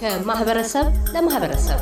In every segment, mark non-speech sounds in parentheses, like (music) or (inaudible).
ከማህበረሰብ ለማህበረሰብ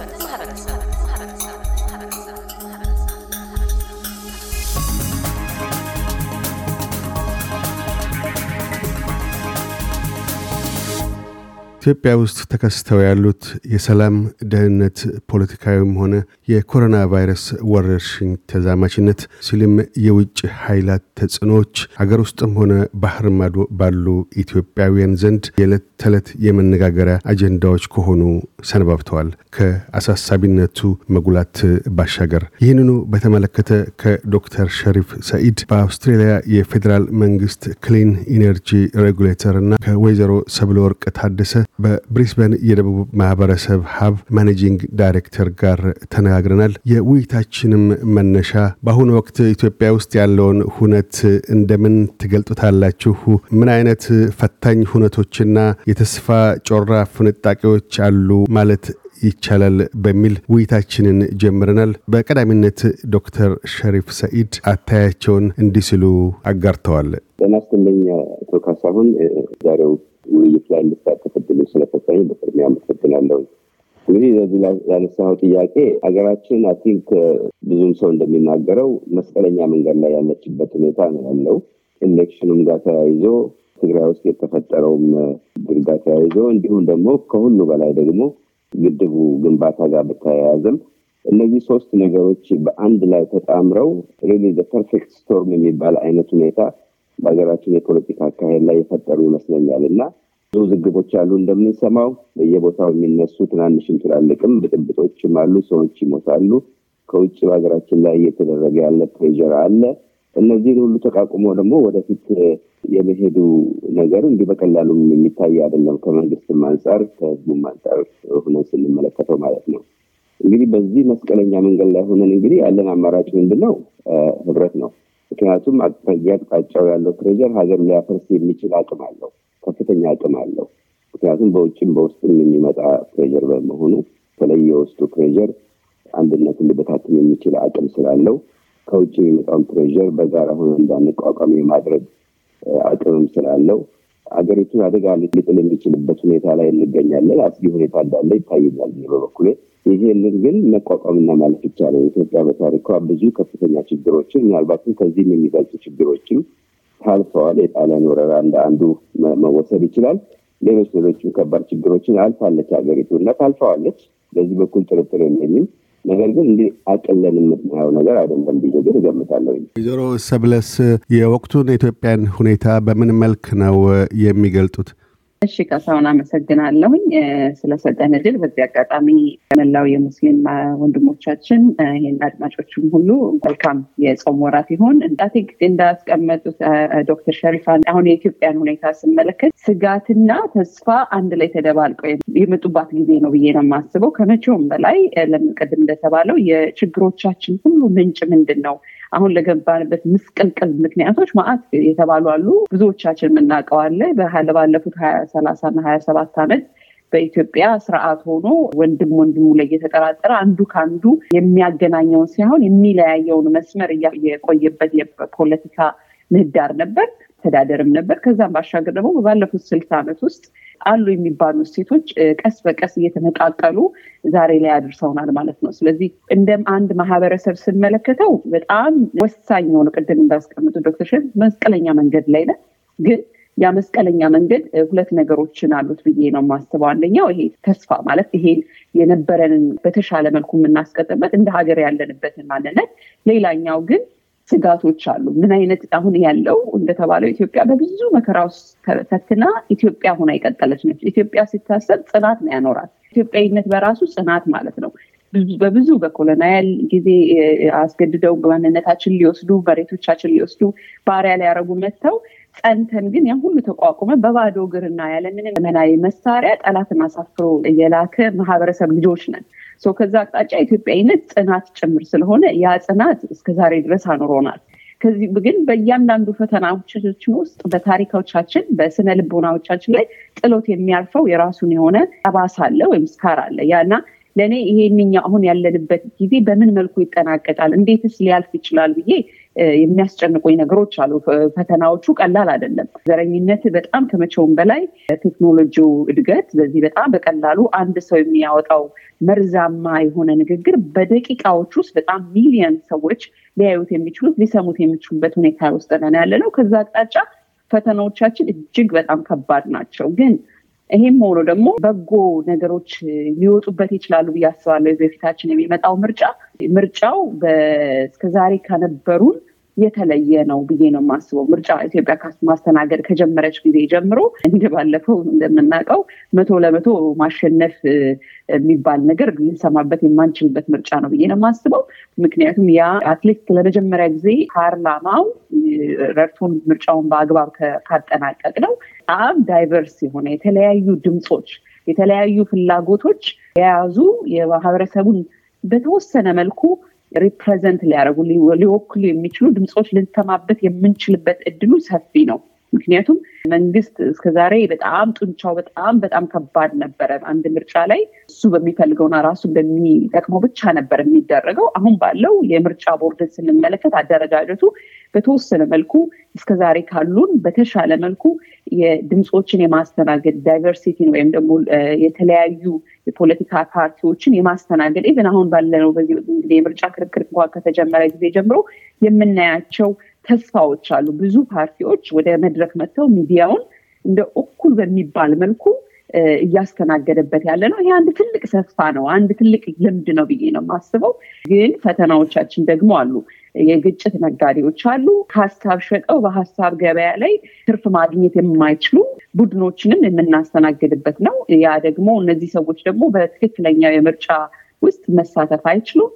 ኢትዮጵያ ውስጥ ተከስተው ያሉት የሰላም ደህንነት፣ ፖለቲካዊም ሆነ የኮሮና ቫይረስ ወረርሽኝ ተዛማችነት ሲልም የውጭ ኃይላት ተጽዕኖዎች ሀገር ውስጥም ሆነ ባህር ማዶ ባሉ ኢትዮጵያውያን ዘንድ የዕለት ተዕለት የመነጋገሪያ አጀንዳዎች ከሆኑ ሰነባብተዋል። ከአሳሳቢነቱ መጉላት ባሻገር ይህንኑ በተመለከተ ከዶክተር ሸሪፍ ሰኢድ በአውስትሬልያ የፌዴራል መንግስት ክሊን ኢነርጂ ሬጉሌተር እና ከወይዘሮ ሰብለ ወርቅ ታደሰ በብሪስበን የደቡብ ማህበረሰብ ሀብ ማኔጂንግ ዳይሬክተር ጋር ተነጋግረናል። የውይይታችንም መነሻ በአሁኑ ወቅት ኢትዮጵያ ውስጥ ያለውን ሁነት እንደምን ትገልጡታላችሁ? ምን አይነት ፈታኝ ሁነቶችና የተስፋ ጮራ ፍንጣቂዎች አሉ ማለት ይቻላል በሚል ውይይታችንን ጀምረናል። በቀዳሚነት ዶክተር ሸሪፍ ሰኢድ አታያቸውን እንዲህ ሲሉ አጋርተዋል። ጤና ይስጥልኝ አቶ ካሳሁን ዛሬው ውይይት ላይ እንድሳተፍ እድሉ ስለፈጠሩ በቅድሚያ አመሰግናለሁ። እንግዲህ ለዚህ ላነሳው ጥያቄ ሀገራችን አይ ቲንክ uh, ብዙም ሰው እንደሚናገረው መስቀለኛ መንገድ ላይ ያለችበት ሁኔታ ነው ያለው። ኢሌክሽኑም ጋር ተያይዞ ትግራይ ውስጥ የተፈጠረውም uh, ድል ጋር ተያይዞ እንዲሁም ደግሞ ከሁሉ በላይ ደግሞ ግድቡ ግንባታ ጋር በተያያዘም እነዚህ ሶስት ነገሮች በአንድ ላይ ተጣምረው ሪሊ ፐርፌክት ስቶርም የሚባል አይነት ሁኔታ በሀገራችን የፖለቲካ አካሄድ ላይ የፈጠሩ ይመስለኛል እና ብዙ ዝግቦች አሉ እንደምንሰማው በየቦታው የሚነሱ ትናንሽም ትላልቅም ብጥብጦችም አሉ። ሰዎች ይሞታሉ። ከውጭ በሀገራችን ላይ እየተደረገ ያለ ፕሬዥር አለ። እነዚህን ሁሉ ተቋቁሞ ደግሞ ወደፊት የመሄዱ ነገር እንዲህ በቀላሉ የሚታይ አይደለም። ከመንግስትም አንጻር ከህዝቡም አንጻር ሆነን ስንመለከተው ማለት ነው። እንግዲህ በዚህ መስቀለኛ መንገድ ላይ ሆነን እንግዲህ ያለን አማራጭ ምንድን ነው? ህብረት ነው። ምክንያቱም በየአቅጣጫው ያለው ፕሬዥር ሀገር ሊያፈርስ የሚችል አቅም አለው። ከፍተኛ አቅም አለው። ምክንያቱም በውጭም በውስጥም የሚመጣ ፕሬር በመሆኑ በተለይ የውስጡ ፕሬር አንድነትን ሊበታትን የሚችል አቅም ስላለው ከውጭ የሚመጣውን ፕሬር በጋራ ሆነ እንዳንቋቋም የማድረግ አቅምም ስላለው አገሪቱን አደጋ ሊጥል የሚችልበት ሁኔታ ላይ እንገኛለን። አስጊ ሁኔታ እንዳለ ይታየኛል በበኩሌ። ይሄንን ግን መቋቋምና ማለፍ ይቻላል። ኢትዮጵያ በታሪኳ ብዙ ከፍተኛ ችግሮችን ምናልባትም ከዚህም የሚበልጡ ችግሮችን ታልፈዋል። የጣሊያን ወረራ እንደ አንዱ መወሰድ ይችላል። ሌሎች ሌሎችም ከባድ ችግሮችን አልፋለች ሀገሪቱ እና ታልፈዋለች። በዚህ በኩል ጥርጥር የለኝም። ነገር ግን እንዲህ አቅለን የምናየው ነገር አይደለም ብዬ ግን እገምታለሁ። ወይዘሮ ሰብለስ የወቅቱን የኢትዮጵያን ሁኔታ በምን መልክ ነው የሚገልጡት? እሺ ካሳሁን አመሰግናለሁኝ ስለሰጠን እድል። በዚህ አጋጣሚ መላው የሙስሊም ወንድሞቻችን ይህን አድማጮችም ሁሉ መልካም የጾም ወራት ይሆን እንዳቴ እንዳስቀመጡት ዶክተር ሸሪፋን አሁን የኢትዮጵያን ሁኔታ ስመለከት ስጋትና ተስፋ አንድ ላይ ተደባልቀው የመጡባት ጊዜ ነው ብዬ ነው የማስበው። ከመቼውም በላይ ለምን እንደተባለው የችግሮቻችን ሁሉ ምንጭ ምንድን ነው አሁን ለገባንበት ምስቅልቅል ምክንያቶች ማአት የተባሉ አሉ። ብዙዎቻችን የምናውቀው አለ ባለፉት ሰላሳ ና ሀያ ሰባት ዓመት በኢትዮጵያ ስርዓት ሆኖ ወንድም ወንድሙ ላይ እየተጠራጠረ አንዱ ከአንዱ የሚያገናኘውን ሳይሆን የሚለያየውን መስመር የቆየበት የፖለቲካ ምህዳር ነበር፣ ተዳደርም ነበር። ከዛም ባሻገር ደግሞ ባለፉት ስልት ዓመት ውስጥ አሉ የሚባሉ ሴቶች ቀስ በቀስ እየተነቃቀሉ ዛሬ ላይ አድርሰውናል ማለት ነው። ስለዚህ እንደ አንድ ማህበረሰብ ስንመለከተው በጣም ወሳኝ የሆነ ቅድም እንዳስቀምጡ ዶክተር ሸን መስቀለኛ መንገድ ላይ ነ ግን ያ መስቀለኛ መንገድ ሁለት ነገሮችን አሉት ብዬ ነው የማስበው። አንደኛው ይሄ ተስፋ ማለት ይሄን የነበረንን በተሻለ መልኩ የምናስቀጥበት እንደ ሀገር ያለንበትን ማንነት፣ ሌላኛው ግን ስጋቶች አሉ። ምን አይነት አሁን ያለው እንደተባለው ኢትዮጵያ በብዙ መከራ ውስጥ ተፈትና ኢትዮጵያ ሆና የቀጠለች ነች። ኢትዮጵያ ሲታሰብ ጽናት ነው ያኖራት። ኢትዮጵያዊነት በራሱ ጽናት ማለት ነው። በብዙ በኮሎናያል ጊዜ አስገድደው ማንነታችን ሊወስዱ መሬቶቻችን ሊወስዱ ባሪያ ሊያደርጉ መጥተው ጸንተን ግን ያ ሁሉ ተቋቁመ በባዶ እግርና ያለምንም ዘመናዊ መሳሪያ ጠላትን አሳፍሮ የላከ ማህበረሰብ ልጆች ነን። ከዛ አቅጣጫ ኢትዮጵያዊነት ጽናት ጭምር ስለሆነ ያ ጽናት እስከዛሬ ድረስ አኑሮናል። ከዚህ ግን በእያንዳንዱ ፈተናዎቻችን ውስጥ በታሪኮቻችን በስነ ልቦናዎቻችን ላይ ጥሎት የሚያልፈው የራሱን የሆነ ጠባሳ አለ ወይም ስካር አለ ያና ለእኔ የሚኛ አሁን ያለንበት ጊዜ በምን መልኩ ይጠናቀቃል፣ እንዴትስ ሊያልፍ ይችላል ብዬ የሚያስጨንቁኝ ነገሮች አሉ። ፈተናዎቹ ቀላል አይደለም። ዘረኝነት በጣም ከመቼውም በላይ ቴክኖሎጂው እድገት በዚህ በጣም በቀላሉ አንድ ሰው የሚያወጣው መርዛማ የሆነ ንግግር በደቂቃዎች ውስጥ በጣም ሚሊየን ሰዎች ሊያዩት የሚችሉት ሊሰሙት የሚችሉበት ሁኔታ ውስጥ ነን ያለ ነው። ከዛ አቅጣጫ ፈተናዎቻችን እጅግ በጣም ከባድ ናቸው ግን ይሄም ሆኖ ደግሞ በጎ ነገሮች ሊወጡበት ይችላሉ ብዬ አስባለሁ። በፊታችን የሚመጣው ምርጫ ምርጫው እስከዛሬ ከነበሩን የተለየ ነው ብዬ ነው የማስበው። ምርጫ ኢትዮጵያ ማስተናገድ ከጀመረች ጊዜ ጀምሮ እንደ ባለፈው እንደምናውቀው መቶ ለመቶ ማሸነፍ የሚባል ነገር ልንሰማበት የማንችልበት ምርጫ ነው ብዬ ነው የማስበው። ምክንያቱም ያ አትሌት ለመጀመሪያ ጊዜ ፓርላማው ረድቶን ምርጫውን በአግባብ ካጠናቀቅ ነው በጣም ዳይቨርስ የሆነ የተለያዩ ድምፆች፣ የተለያዩ ፍላጎቶች የያዙ የማህበረሰቡን በተወሰነ መልኩ ሪፕሬዘንት ሊያደርጉ ሊወክሉ የሚችሉ ድምፆች ልንሰማበት የምንችልበት እድሉ ሰፊ ነው። ምክንያቱም መንግስት እስከዛሬ በጣም ጡንቻው በጣም በጣም ከባድ ነበረ። አንድ ምርጫ ላይ እሱ በሚፈልገውና ራሱ በሚጠቅመው ብቻ ነበር የሚደረገው። አሁን ባለው የምርጫ ቦርድን ስንመለከት አደረጃጀቱ በተወሰነ መልኩ እስከዛሬ ካሉን በተሻለ መልኩ የድምፆችን የማስተናገድ ዳይቨርሲቲን ወይም ደግሞ የተለያዩ የፖለቲካ ፓርቲዎችን የማስተናገድ ኢቨን አሁን ባለነው በዚህ የምርጫ ክርክር እንኳን ከተጀመረ ጊዜ ጀምሮ የምናያቸው ተስፋዎች አሉ። ብዙ ፓርቲዎች ወደ መድረክ መጥተው ሚዲያውን እንደ እኩል በሚባል መልኩ እያስተናገደበት ያለ ነው። ይሄ አንድ ትልቅ ተስፋ ነው፣ አንድ ትልቅ ልምድ ነው ብዬ ነው የማስበው። ግን ፈተናዎቻችን ደግሞ አሉ። የግጭት ነጋዴዎች አሉ። ሀሳብ ሸጠው በሀሳብ ገበያ ላይ ትርፍ ማግኘት የማይችሉ ቡድኖችንም የምናስተናግድበት ነው። ያ ደግሞ እነዚህ ሰዎች ደግሞ በትክክለኛው የምርጫ ውስጥ መሳተፍ አይችሉም።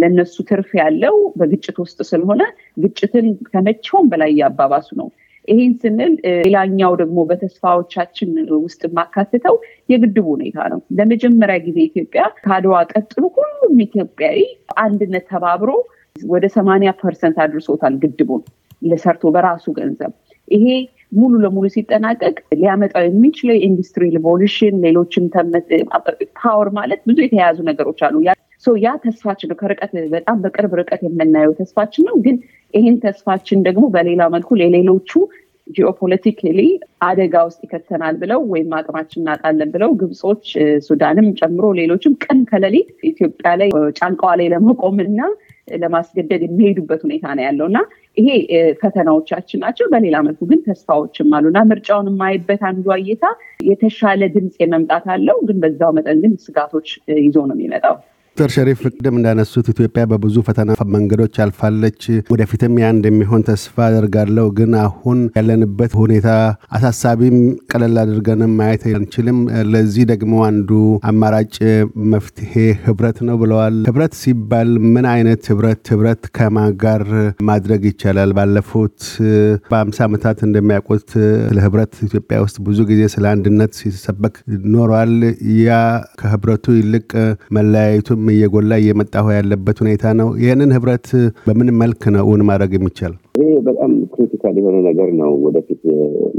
ለነሱ ትርፍ ያለው በግጭት ውስጥ ስለሆነ ግጭትን ከመቼውም በላይ እያባባሱ ነው። ይህን ስንል ሌላኛው ደግሞ በተስፋዎቻችን ውስጥ የማካትተው የግድቡ ሁኔታ ነው። ለመጀመሪያ ጊዜ ኢትዮጵያ ከአድዋ ቀጥሎ ሁሉም ኢትዮጵያዊ አንድነት ተባብሮ ወደ ሰማንያ ፐርሰንት አድርሶታል ግድቡን ለሰርቶ በራሱ ገንዘብ ይሄ ሙሉ ለሙሉ ሲጠናቀቅ ሊያመጣው የሚችለው የኢንዱስትሪ ሪቮሉሽን ሌሎችም ፓወር ማለት ብዙ የተያያዙ ነገሮች አሉ። ያ ተስፋችን ነው። ከርቀት በጣም በቅርብ ርቀት የምናየው ተስፋችን ነው። ግን ይህን ተስፋችን ደግሞ በሌላ መልኩ ለሌሎቹ ጂኦፖለቲካሊ አደጋ ውስጥ ይከተናል ብለው ወይም አቅማችን እናጣለን ብለው ግብጾች፣ ሱዳንም ጨምሮ ሌሎችም ቀን ከሌሊት ኢትዮጵያ ላይ ጫንቃዋ ላይ ለመቆም እና ለማስገደድ የሚሄዱበት ሁኔታ ነው ያለው እና ይሄ ፈተናዎቻችን ናቸው። በሌላ መልኩ ግን ተስፋዎችም አሉ እና ምርጫውን የማይበት አንዱ እይታ የተሻለ ድምፅ የመምጣት አለው። ግን በዛው መጠን ግን ስጋቶች ይዞ ነው የሚመጣው። ዶክተር ሸሪፍ ቅድም እንዳነሱት ኢትዮጵያ በብዙ ፈተና መንገዶች አልፋለች። ወደፊትም ያ እንደሚሆን ተስፋ አደርጋለሁ። ግን አሁን ያለንበት ሁኔታ አሳሳቢም ቀለል አድርገንም ማየት አንችልም። ለዚህ ደግሞ አንዱ አማራጭ መፍትሄ ህብረት ነው ብለዋል። ህብረት ሲባል ምን አይነት ህብረት፣ ህብረት ከማጋር ጋር ማድረግ ይቻላል? ባለፉት በአምሳ ዓመታት እንደሚያውቁት ስለ ህብረት ኢትዮጵያ ውስጥ ብዙ ጊዜ ስለ አንድነት ሲሰበክ ኖሯል። ያ ከህብረቱ ይልቅ መለያየቱም እየጎላ እየመጣሁ ያለበት ሁኔታ ነው። ይህንን ህብረት በምን መልክ ነው እውን ማድረግ የሚቻል? ይህ በጣም ክሪቲካል የሆነ ነገር ነው። ወደፊት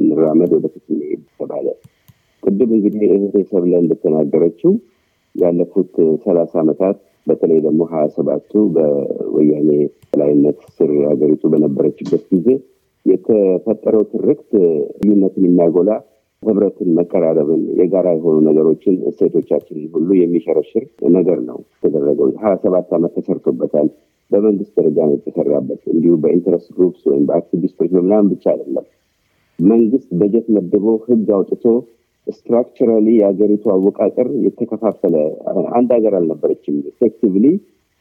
እንራመድ፣ ወደፊት እንሄድ ተባለ። ቅድም እንግዲህ እህቴ ሰብለ እንደተናገረችው ያለፉት ሰላሳ ዓመታት በተለይ ደግሞ ሀያ ሰባቱ በወያኔ ላይነት ስር ሀገሪቱ በነበረችበት ጊዜ የተፈጠረው ትርክት ልዩነትን የሚያጎላ ህብረትን፣ መቀራረብን፣ የጋራ የሆኑ ነገሮችን እሴቶቻችንን ሁሉ የሚሸረሽር ነገር ነው የተደረገው። ሀያ ሰባት ዓመት ተሰርቶበታል። በመንግስት ደረጃ ነው የተሰራበት። እንዲሁ በኢንትረስት ግሩፕስ ወይም በአክቲቪስቶች በምናምን ብቻ አይደለም። መንግስት በጀት መድቦ ህግ አውጥቶ ስትራክቸራሊ የሀገሪቱ አወቃቀር የተከፋፈለ አንድ ሀገር አልነበረችም። ኢፌክቲቭሊ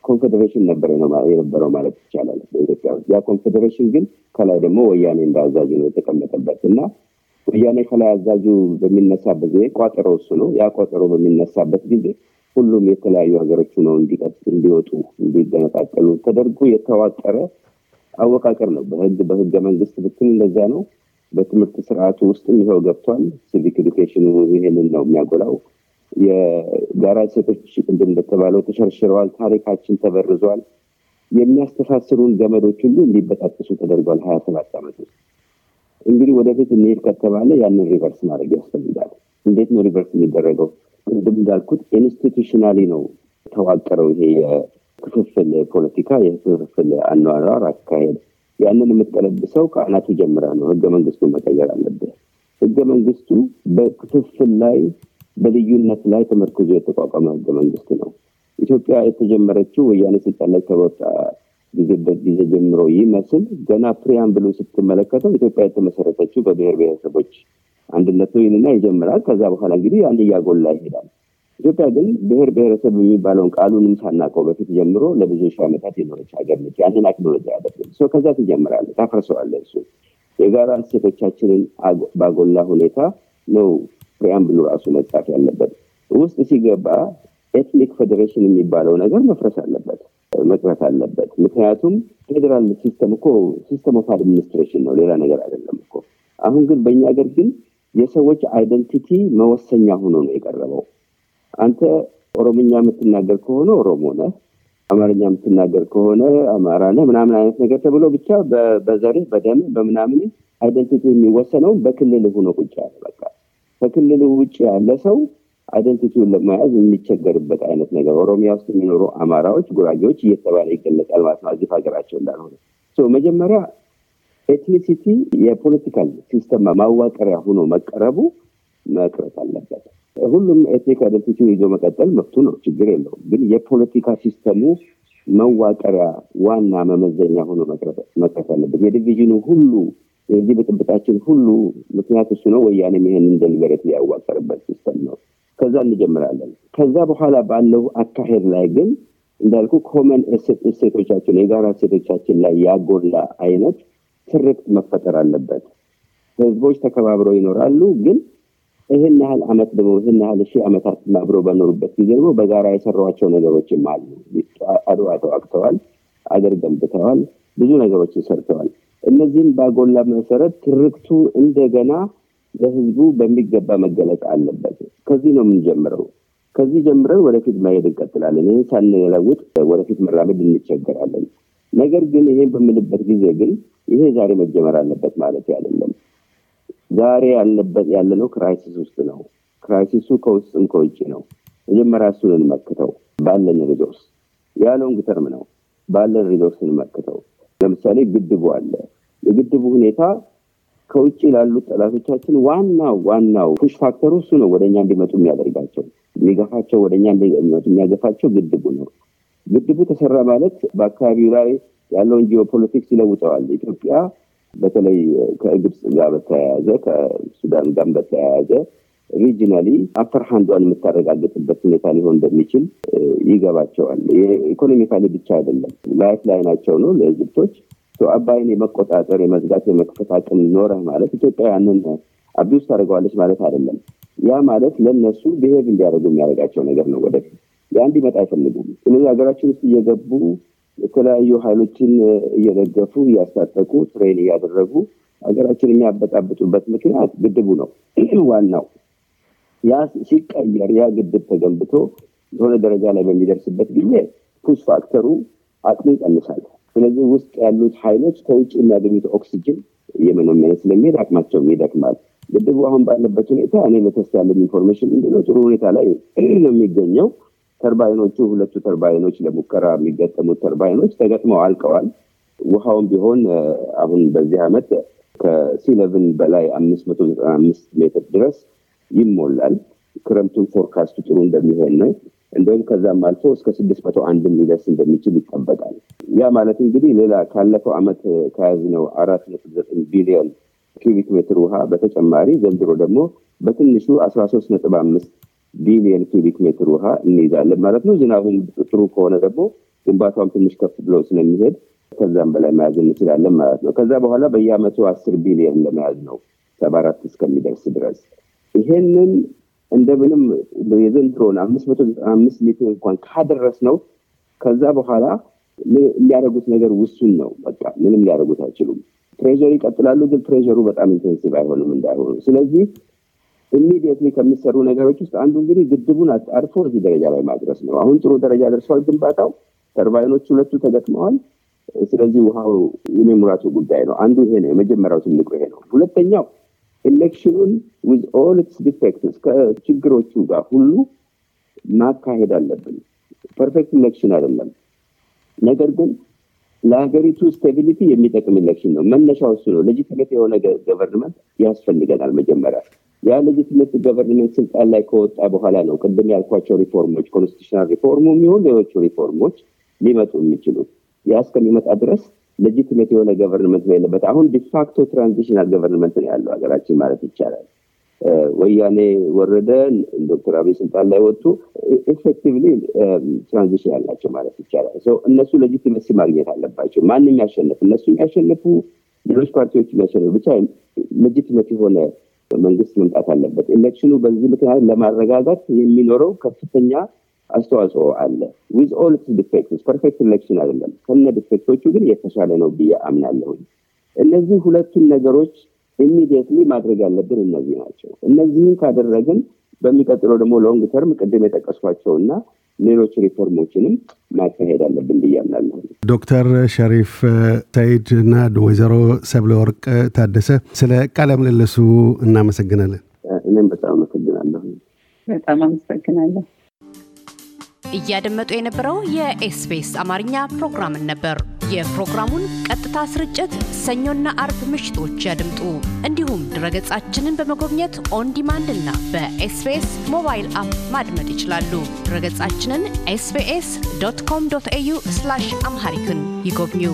ኮንፌዴሬሽን ነበር የነበረው ማለት ይቻላል በኢትዮጵያ ውስጥ። ያ ኮንፌዴሬሽን ግን ከላይ ደግሞ ወያኔ እንዳዛዥ ነው የተቀመጠበት እና ወያኔ ከላይ አዛዡ በሚነሳበት ጊዜ ቋጠሮ እሱ ነው። ያ ቋጠሮ በሚነሳበት ጊዜ ሁሉም የተለያዩ ሀገሮች ነው እንዲቀጥ እንዲወጡ እንዲገነጣጠሉ ተደርጎ የተዋቀረ አወቃቀር ነው። በህግ በህገ መንግስት ብትል እንደዛ ነው። በትምህርት ስርዓቱ ውስጥም ይኸው ገብቷል። ሲቪክ ኤዱኬሽኑ ይህንን ነው የሚያጎላው። የጋራ ሴቶች ቅድም እንደተባለው ተሸርሽረዋል። ታሪካችን ተበርዟል። የሚያስተሳስሩን ገመዶች ሁሉ እንዲበጣጠሱ ተደርጓል። ሀያ ሰባት ዓመት ውስጥ እንግዲህ ወደፊት እንሄድ ከተባለ ያንን ሪቨርስ ማድረግ ያስፈልጋል። እንዴት ነው ሪቨርስ የሚደረገው? ቅድም እንዳልኩት ኢንስቲቱሽናሊ ነው ተዋቀረው ይሄ የክፍፍል ፖለቲካ፣ የክፍፍል አኗኗር አካሄድ። ያንን የምትቀለብሰው ከአናቱ ጀምራ ነው። ህገ መንግስቱ መቀየር አለብህ። ህገ መንግስቱ በክፍፍል ላይ በልዩነት ላይ ተመርክዞ የተቋቋመ ህገ መንግስት ነው። ኢትዮጵያ የተጀመረችው ወያኔ ስልጣን ላይ ከወጣ ጊዜ ጀምሮ ይመስል ገና ፕሪያም ብሎ ስትመለከተው ኢትዮጵያ የተመሰረተችው በብሔር ብሔረሰቦች አንድነት ነው ይጀምራል። ከዛ በኋላ እንግዲህ አንድ እያጎላ ይሄዳል። ኢትዮጵያ ግን ብሔር ብሔረሰብ የሚባለውን ቃሉንም ሳናውቀው በፊት ጀምሮ ለብዙ ሺህ ዓመታት የኖረች ሀገር ነች። ያንን አክኖሎጂ አያደርግም። ከዛ ትጀምራለ ታፈርሰዋለ። እሱ የጋራ እሴቶቻችንን ባጎላ ሁኔታ ነው ፕሪያምብሉ ራሱ መጻፍ ያለበት። ውስጥ ሲገባ ኤትኒክ ፌዴሬሽን የሚባለው ነገር መፍረስ አለበት። መቅረት አለበት። ምክንያቱም ፌዴራል ሲስተም እኮ ሲስተም ኦፍ አድሚኒስትሬሽን ነው፣ ሌላ ነገር አይደለም እኮ። አሁን ግን በእኛ ሀገር ግን የሰዎች አይደንቲቲ መወሰኛ ሆኖ ነው የቀረበው። አንተ ኦሮምኛ የምትናገር ከሆነ ኦሮሞ ነህ፣ አማርኛ የምትናገር ከሆነ አማራ ነህ ምናምን አይነት ነገር ተብሎ ብቻ በዘርህ በደም በምናምን አይደንቲቲ የሚወሰነው በክልል ሆኖ ቁጭ ያለ በቃ ከክልል ውጭ ያለ ሰው አይደንቲቲውን ለመያዝ የሚቸገርበት አይነት ነገር ኦሮሚያ ውስጥ የሚኖሩ አማራዎች፣ ጉራጌዎች እየተባለ ይገለጻል ማለት ነው። አዚፍ ሀገራቸው እንዳልሆነ መጀመሪያ ኤትኒሲቲ የፖለቲካል ሲስተም ማዋቀሪያ ሆኖ መቀረቡ መቅረት አለበት። ሁሉም ኤትኒክ አይደንቲቲ ይዞ መቀጠል መብቱ ነው፣ ችግር የለውም። ግን የፖለቲካ ሲስተሙ መዋቀሪያ ዋና መመዘኛ ሆኖ መቅረት አለበት። የዲቪዥኑ ሁሉ የዚህ ብጥብጣችን ሁሉ ምክንያት እሱ ነው። ወያኔም ይሄን ደሊበሬት ሊያዋቀርበት ሲስተም ነው ከዛ እንጀምራለን። ከዛ በኋላ ባለው አካሄድ ላይ ግን እንዳልኩ ኮመን እሴቶቻችን የጋራ እሴቶቻችን ላይ ያጎላ አይነት ትርክት መፈጠር አለበት። ህዝቦች ተከባብረው ይኖራሉ። ግን ይህን ያህል አመት ደግሞ ይህን ያህል ሺህ ዓመታት አብረው በኖሩበት ጊዜ ደግሞ በጋራ የሰሯቸው ነገሮችም አሉ። አድዋ ተዋግተዋል፣ አገር ገንብተዋል፣ ብዙ ነገሮችን ሰርተዋል። እነዚህን ባጎላ መሰረት ትርክቱ እንደገና ለህዝቡ በሚገባ መገለጽ አለበት። ከዚህ ነው የምንጀምረው። ከዚህ ጀምረን ወደፊት መሄድ እንቀጥላለን። ይህን ሳንለውጥ ወደፊት መራመድ እንቸገራለን። ነገር ግን ይሄን በምልበት ጊዜ ግን ይሄ ዛሬ መጀመር አለበት ማለት አይደለም። ዛሬ ያለበት ያለነው ክራይሲስ ውስጥ ነው። ክራይሲሱ ከውስጥም ከውጭ ነው። መጀመሪያ እሱን እንመክተው። ባለን ሪዞርስ ያለውን ተርም ነው። ባለን ሪዞርስ እንመክተው። ለምሳሌ ግድቡ አለ። የግድቡ ሁኔታ ከውጭ ላሉ ጠላቶቻችን ዋናው ዋናው ፑሽ ፋክተሩ እሱ ነው። ወደኛ እንዲመጡ የሚያደርጋቸው የሚገፋቸው ወደኛ እንዲመጡ የሚያገፋቸው ግድቡ ነው። ግድቡ ተሰራ ማለት በአካባቢው ላይ ያለውን ጂኦፖለቲክስ ይለውጠዋል። ኢትዮጵያ በተለይ ከግብፅ ጋር በተያያዘ ከሱዳን ጋር በተያያዘ ሪጂናሊ አፐር ሃንዷን የምታረጋግጥበት ሁኔታ ሊሆን እንደሚችል ይገባቸዋል። ኢኮኖሚካሊ ብቻ አይደለም ላይፍ ላይ ናቸው ነው ለግብጦች አባይን የመቆጣጠር የመዝጋት የመክፈት አቅም ኖረህ ማለት ኢትዮጵያ ያንን አቢውስ ታደርገዋለች ማለት አይደለም። ያ ማለት ለእነሱ ብሄብ እንዲያደርጉ የሚያደርጋቸው ነገር ነው። ወደፊት ያ እንዲመጣ አይፈልጉም። ስለዚህ ሀገራችን ውስጥ እየገቡ የተለያዩ ኃይሎችን እየደገፉ እያስታጠቁ ትሬን እያደረጉ ሀገራችን የሚያበጣብጡበት ምክንያት ግድቡ ነው (clears throat) ዋናው። ያ ሲቀየር ያ ግድብ ተገንብቶ የሆነ ደረጃ ላይ በሚደርስበት ጊዜ ፑስ ፋክተሩ አቅሙ ይቀንሳል። ስለዚህ ውስጥ ያሉት ኃይሎች ከውጭ የሚያገኙት ኦክሲጅን እየመነመነ ስለሚሄድ አቅማቸውም ይደክማል። ግድቡ አሁን ባለበት ሁኔታ እኔ ለተስ ያለን ኢንፎርሜሽን ምንድነው ጥሩ ሁኔታ ላይ ነው የሚገኘው። ተርባይኖቹ ሁለቱ ተርባይኖች ለሙከራ የሚገጠሙት ተርባይኖች ተገጥመው አልቀዋል። ውሃውም ቢሆን አሁን በዚህ ዓመት ከሲለቭን በላይ አምስት መቶ ዘጠና አምስት ሜትር ድረስ ይሞላል። ክረምቱን ፎርካስቱ ጥሩ እንደሚሆን ነው። እንደውም ከዛም አልፎ እስከ ስድስት መቶ አንድ ሊደርስ እንደሚችል ይጠበቃል። ያ ማለት እንግዲህ ሌላ ካለፈው ዓመት ከያዝነው አራት ነጥብ ዘጠኝ ቢሊዮን ኪቢክ ሜትር ውሃ በተጨማሪ ዘንድሮ ደግሞ በትንሹ አስራ ሶስት ነጥብ አምስት ቢሊዮን ኪቢክ ሜትር ውሃ እንይዛለን ማለት ነው። ዝናቡም ጥሩ ከሆነ ደግሞ ግንባታውም ትንሽ ከፍ ብሎ ስለሚሄድ ከዛም በላይ መያዝ እንችላለን ማለት ነው። ከዛ በኋላ በየአመቱ አስር ቢሊዮን ለመያዝ ነው ሰባ አራት እስከሚደርስ ድረስ ይሄንን እንደምንም የዘንድሮን አምስት መቶ አምስት ሊትር እንኳን ካደረስ ነው ከዛ በኋላ የሚያደርጉት ነገር ውሱን ነው። በቃ ምንም ሊያደረጉት አይችሉም። ትሬዥር ይቀጥላሉ፣ ግን ትሬዥሩ በጣም ኢንቴንሲቭ አይሆንም እንዳይሆኑ። ስለዚህ ኢሚዲየትሊ ከሚሰሩ ነገሮች ውስጥ አንዱ እንግዲህ ግድቡን አጣርፎ እዚህ ደረጃ ላይ ማድረስ ነው። አሁን ጥሩ ደረጃ ደርሰዋል። ግንባታው። ተርባይኖች ሁለቱ ተገጥመዋል። ስለዚህ ውሃው የመሙራቱ ጉዳይ ነው። አንዱ ይሄ ነው፣ የመጀመሪያው ትልቁ ይሄ ነው። ሁለተኛው ኤሌክሽኑን ዊዝ ኦል ኢትስ ዲፌክትስ ከችግሮቹ ጋር ሁሉ ማካሄድ አለብን። ፐርፌክት ኢሌክሽን አይደለም። ነገር ግን ለሀገሪቱ ስቴቢሊቲ የሚጠቅም ኢሌክሽን ነው። መነሻው እሱ ነው። ሌጂትሜት የሆነ ገቨርንመንት ያስፈልገናል። መጀመሪያ ያ ሌጂትሜት ገቨርንመንት ስልጣን ላይ ከወጣ በኋላ ነው ቅድም ያልኳቸው ሪፎርሞች፣ ኮንስቲቱሽናል ሪፎርሙ የሚሆን ሌሎቹ ሪፎርሞች ሊመጡ የሚችሉት። ያ እስከሚመጣ ድረስ ሌጂትሜት የሆነ ገቨርንመንት ነው አሁን ዲፋክቶ ትራንዚሽናል ገቨርንመንት ነው ያለው ሀገራችን ማለት ይቻላል። ወያኔ ወረደ፣ ዶክተር አብይ ስልጣን ላይ ወጡ። ኤፌክቲቭሊ ትራንዚሽን ያላቸው ማለት ይቻላል። እነሱ ሌጂቲመሲ ማግኘት አለባቸው። ማንም የሚያሸንፍ እነሱ የሚያሸንፉ ሌሎች ፓርቲዎች የሚያሸንፉ፣ ብቻ ሌጂቲመት የሆነ መንግስት መምጣት አለበት። ኤሌክሽኑ በዚህ ምክንያት ለማረጋጋት የሚኖረው ከፍተኛ አስተዋጽኦ አለ። ዊዝ ኦል ኢትስ ዲፌክትስ ፐርፌክት ኤሌክሽን አይደለም። ከነ ዲፌክቶቹ ግን የተሻለ ነው ብዬ አምናለሁኝ። እነዚህ ሁለቱን ነገሮች ኢሚዲየትሊ ማድረግ ያለብን እነዚህ ናቸው። እነዚህም ካደረግን በሚቀጥለው ደግሞ ሎንግ ተርም ቅድም የጠቀስኳቸው እና ሌሎች ሪፎርሞችንም ማካሄድ አለብን ብዬ ዶክተር ሸሪፍ ሰይድ እና ወይዘሮ ሰብለ ወርቅ ታደሰ ስለ ቃለ ምልልሱ እናመሰግናለን። እኔም በጣም አመሰግናለሁ። በጣም አመሰግናለሁ። እያደመጡ የነበረው የኤስፔስ አማርኛ ፕሮግራምን ነበር። የፕሮግራሙን ቀጥታ ስርጭት ሰኞና አርብ ምሽቶች ያድምጡ። እንዲሁም ድረገጻችንን በመጎብኘት ኦን እና በኤስቢኤስ ሞባይል አፕ ማድመጥ ይችላሉ። ድረገጻችንን ኤስቢኤስ ዶት ኮም ዶት ኤዩ አምሃሪክን ይጎብኙ።